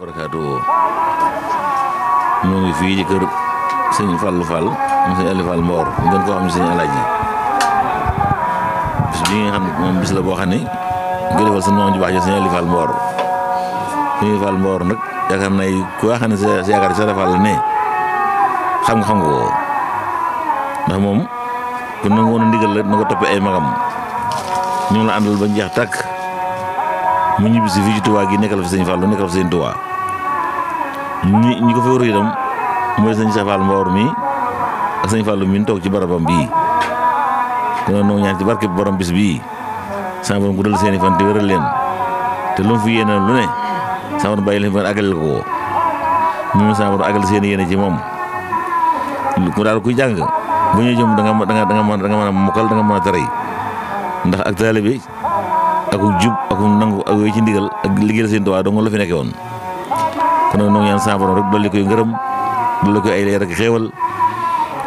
barakaatu ñoo ngi fii ci kër sëñ Fallou Fall moom sëñ Aliou Fall Mboor ñu gën koo xam ne sëñ Alaaji bis bi nga xam ne moom boo xam ne nga defal sëñ moom ji Mboor sëñ Aliou Mboor nag yaakaar naa ne ku nga xam ne sa yaakaar sa rafal la ne xam xam nga ndax moom ku nangoon a ndigal la nu ko toppee ay magam ñoo la àndal ba ñu jeex tàkk mu ñibbi si fii ci gi nekk fi sëñ Fallou nekkal fi sëñ Tuubaa ñi ñi ko fa wër itam mooy sëñ mi ak sëñ Fallou mi toog ci barabam bii kon noo ñaan ci barke bu borom bis bii sama borom guddal seen i fan te wéral leen te lu mu fi yéene lu ne sama borom bàyyi leen fan àggaleel ko moom sama borom àggal seen i ci moom mu daal kuy jàng bu ñuy jëm da nga da nga mën da nga mën a da nga mën ndax ak taalibe aku jub aku nangu ak yooyu ci ndigal ak liggéeyal seen Tuubaa dong la fi nekkee woon kon nag ñoo ngi ñaan rek dolli koy ngërëm dolli koy ay leer ak xéewal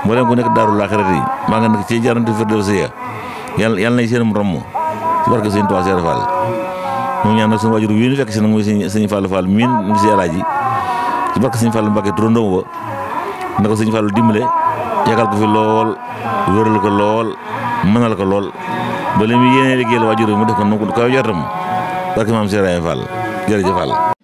mboolem ku nekk daarul laaxirat yi maa nga nekk ci jaarante firdawsiya yàlla yàlla nañ seenum romb ci barke seen Tuubaa Seex Faal ñoo ngi ñaan nag suñu waajur wii ñu fekk si nag muy sëñ Fallou Fall miin mu si alaaji ci barke sëñ Fallou Mbàkke turandoom ba na sëñ dimbale yàggal ko lool mënal ko lool ba li mu yéenee liggéeyal waajur mu def ko nu ko kaw jotam barke maam Serigne Fall jërëjëf Fall